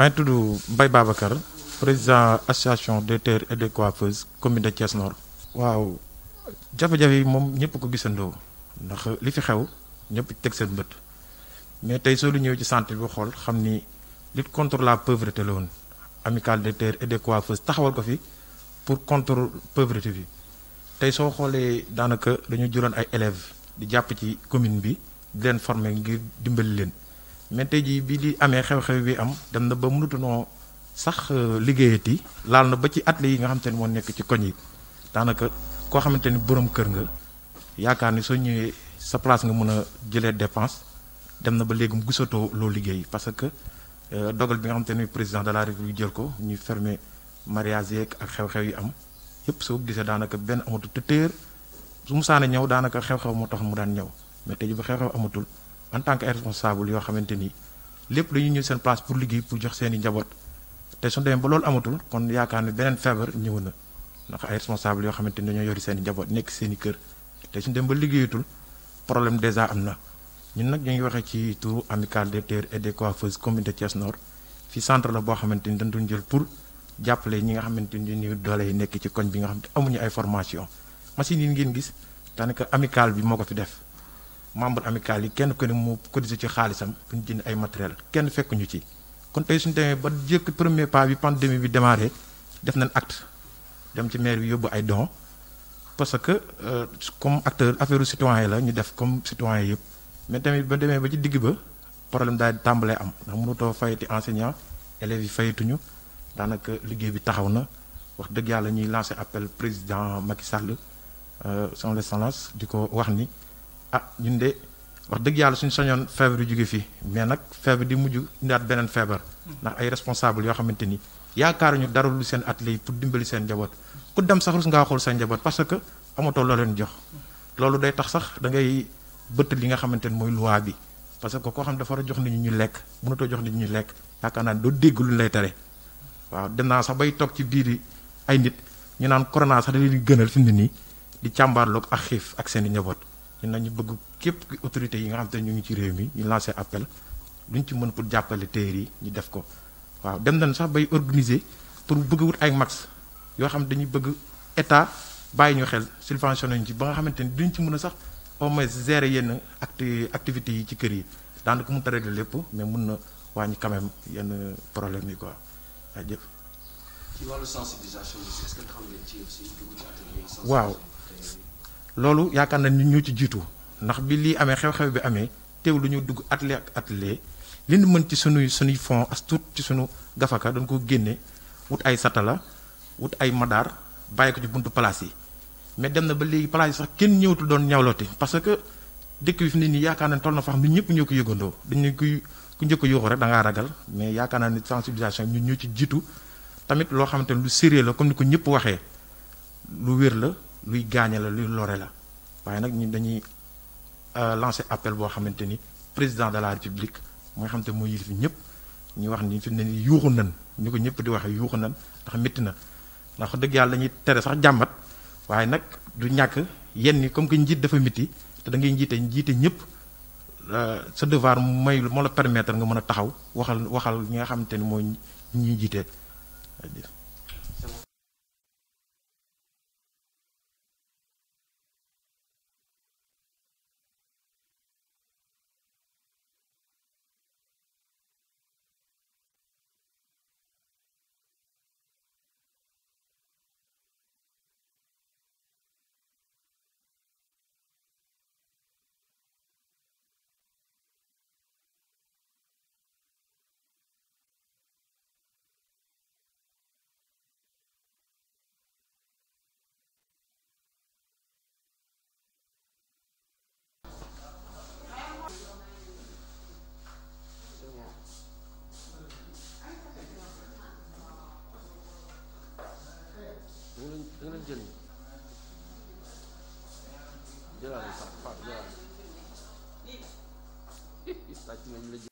maa ngi mbay Mbaye Babacar président association des tailleurs et des coiffeuses commune de Thiès Nord. waaw jafe-jafe yi moom ñëpp ko gisandoo ndax li fi xew ñëpp teg seen bët mais tey soo lu ñëwee ci santé bi xool xam ni lutte contre la pauvreté la woon amicale des tailleurs et des taxawal ko fi pour contre pauvreté bi tey soo xoolee daanaka dañu juróon ay élèves di jàpp ci commune bi di leen former ngir dimbali leen. mais tey jii bi di amee xew-xew bi am dem na ba mënutunoo sax euh, liggéeyati laal na ba ci atelier yi nga xamante ne moo nekk ci koñ yi daanaka koo xamante ni borom kër nga yaakaar ni soo ñëwee sa place nga mun a jëlee dépense dem na ba léegi mu gisatoo loo liggéey parce que euh, dogal bi nga xamante ni président de la république jël ko ñuy fermer mariage yeeg ak xew-xew yi am yëpp soo gisee daanaka benn amatul te téer su mu ñëw daanaka xew-xew moo tax mu daan ñëw mais tey ji ba xew amatul. en tant que responsable yoo xamante ni lépp dañuy ñëw seen place pour liggéey pour jox seeni i njaboot te su demee ba loolu amatul kon yaakaar ne beneen feebar ñëw na ndax ay responsable yoo xamante ni dañoo yori seen njaboot nekk seen kër te suñu dem liggéeyatul problème déjà am na ñun nag ñu ngi waxee ci turu amicale des tailleurs et des coiffeuses communauté Thiès Nord fi centre la boo xamante ni dañ doon jël pour jàppale ñi nga xamante ni ni doole yi nekk ci koñ bi nga xam ne amuñu ay formation machine yi ngeen gis daanaka amicale bi moo ko fi def membre amical yi kenn ku ne mu cotisé ci xaalisam pour ñu jënd ay matériel kenn fekkuñu ci kon tey suñu demee ba jëkk premier pas bi pandémie bi démarré def nañ acte dem ci maire bi yóbbu ay dons parce que euh, comme acteur affaire citoyen la ñu def comme citoyen yëpp mais tamit ba demee ba ci digg ba problème daal di tàmbalee am ndax mënutoo fayati enseignant élèves yi fayatuñu daanaka liggéey bi taxaw na wax dëgg yàlla ñuy lancer appel président Macky Sall euh, son excellence di ko wax ni ah ñun de wax dëgg yàlla suñu soñoon feebar yu jóge fii mais nag feebar di mujj ndaat beneen feebar ndax ay responsable yoo xamante ni yaakaaruñu dara lu seen at lay pour dimbali seen njaboot ku dem sax rus ngaa xool seen njaboot parce que amatoo loo leen jox loolu day tax sax da ngay bëtt li nga xamante ni mooy loi bi parce que koo xam dafa war a jox nit ñi ñu lekk mënatoo jox nit ñi ñu lekk yaakaar naa doo dégg lu lay tere waaw dem naa sax bay toog ci biir yi ay nit ñu naan corona sax da leen di gënal fi ne nii di càmbaarloog ak ak seen i njaboot nañu bëgg képp autorité yi nga xam te ñu ngi ci réew mi ñu lancé appel luñ ci mën pour jàppale téer yi ñu def ko waaw dem nañ sax bay organiser pour bëgg wut ay max yoo xam ne dañuy bëgg état bàyyi ñu xel subventionné ñu ci ba nga xamante ni duñ ci mën a sax au moins gérer yenn acti activités yi ci kër yi daanaka mënut a régler lépp mais mun na wàññi quand même yenn problème yi quoi jëf ci wàllu sensibilisation bi waaw loolu yaakaar na nit ñoo ci jiitu ndax bi lii amee xew-xew bi amee teew lu ñu dugg atelier ak atelier li ñu mën ci sunuy sunuy fonds as tuut ci sunu gafaka dañ ko génne wut ay satala wut ay madaar bàyyi ko ci buntu place yi mais dem na ba léegi place yi sax kenn ñëwatul doon ñawloote parce que dëkk bi fi nit ñi yaakaar na toll na fa xam nit ñëpp ñoo ko yëgandoo dañ ne kuy ku njëkk a rek da ngaa ragal mais yaakaar naa ne sensibilisation ñun ñoo ci jiitu tamit loo xamante ne lu sérieux la comme ni ko ñëpp waxee lu wér la luy gaañe la luy lore la waaye nag ñu dañuy euh, lancer appel boo xamante ni président de la république mooy xam te mooy yilif ñëpp ñu wax ni fi ne ni yuuxu nan ñu ko ñëpp di waxee yuuxu nan ndax métti na ndax dëgg yàlla dañuy tere sax jàmbat waaye nag du ñàkk yenn comme que njiit dafa métti te da ngay njiite njiite ñëpp euh, sa devoir mooy moo la permettre nga mën a taxaw waxal waxal ñi nga xamante ni mooy ñuy jiite. jëlaale Fatou Fatou jëlaale. sàcc nañ la